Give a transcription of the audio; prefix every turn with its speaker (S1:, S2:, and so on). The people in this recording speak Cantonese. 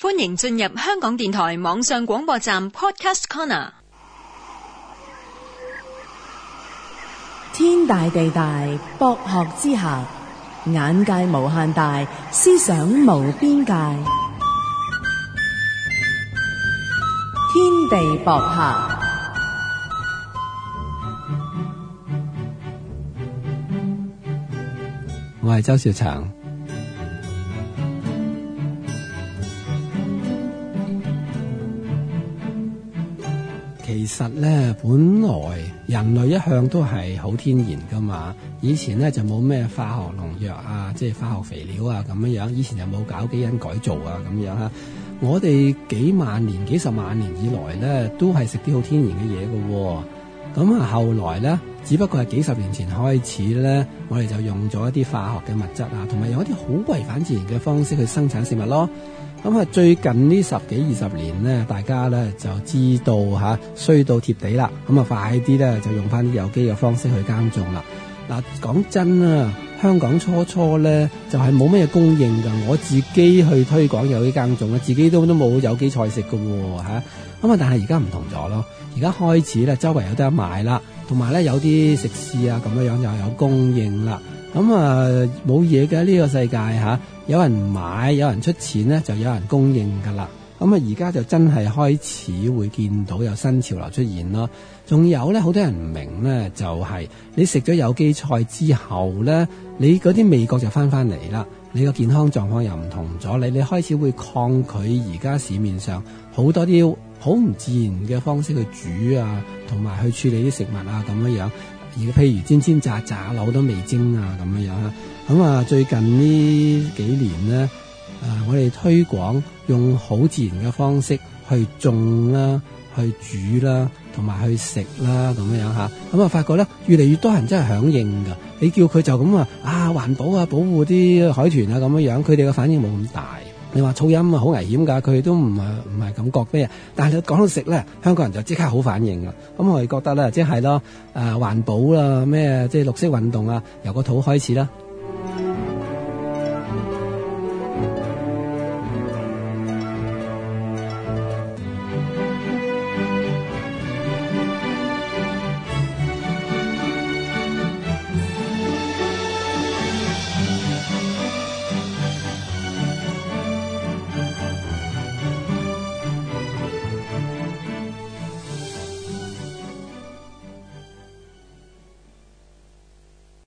S1: 歡迎進入香港電台網上廣播站 Podcast Corner。天大地大，博學之下，眼界無限大，思想無邊界。天地博客，
S2: 我係周兆祥。其實咧，本來人類一向都係好天然噶嘛，以前咧就冇咩化學農藥啊，即係化學肥料啊咁樣樣，以前又冇搞基因改造啊咁樣嚇。我哋幾萬年、幾十萬年以來咧，都係食啲好天然嘅嘢噶喎。咁啊，後來咧，只不過係幾十年前開始咧，我哋就用咗一啲化學嘅物質啊，同埋用一啲好違反自然嘅方式去生產食物咯。咁啊，最近呢十幾二十年咧，大家咧就知道吓，衰到貼地啦。咁啊，快啲咧就用翻啲有機嘅方式去耕種啦。嗱，講真啊！香港初初咧就係冇咩嘢供應噶，我自己去推廣有機耕種咧，自己都都冇有機菜食嘅喎嚇。咁啊，但係而家唔同咗咯，而家開始咧周圍有得買啦，同埋咧有啲食肆啊咁樣樣又有供應啦。咁啊，冇嘢嘅呢個世界嚇、啊，有人買有人出錢咧，就有人供應㗎啦。咁啊，而家就真係開始會見到有新潮流出現咯呢。仲有咧，好多人唔明咧，就係、是、你食咗有機菜之後咧，你嗰啲味覺就翻翻嚟啦，你個健康狀況又唔同咗，你你開始會抗拒而家市面上好多啲好唔自然嘅方式去煮啊，同埋去處理啲食物啊咁樣樣。而譬如煎煎炸炸，攪咗味精啊咁樣樣。咁、嗯、啊，最近呢幾年咧。啊！我哋推廣用好自然嘅方式去種啦、去煮啦、同埋去食啦，咁樣樣吓。咁啊，發覺咧越嚟越多人真係響應噶。你叫佢就咁啊，啊環保啊，保護啲海豚啊，咁樣樣，佢哋嘅反應冇咁大。你話噪音啊，好危險噶，佢哋都唔係唔係咁覺咩？但係講到食咧，香港人就即刻好反應噶。咁、啊、我哋覺得咧，即係咯，誒、啊、環保啦、啊，咩即係綠色運動啊，由個肚開始啦。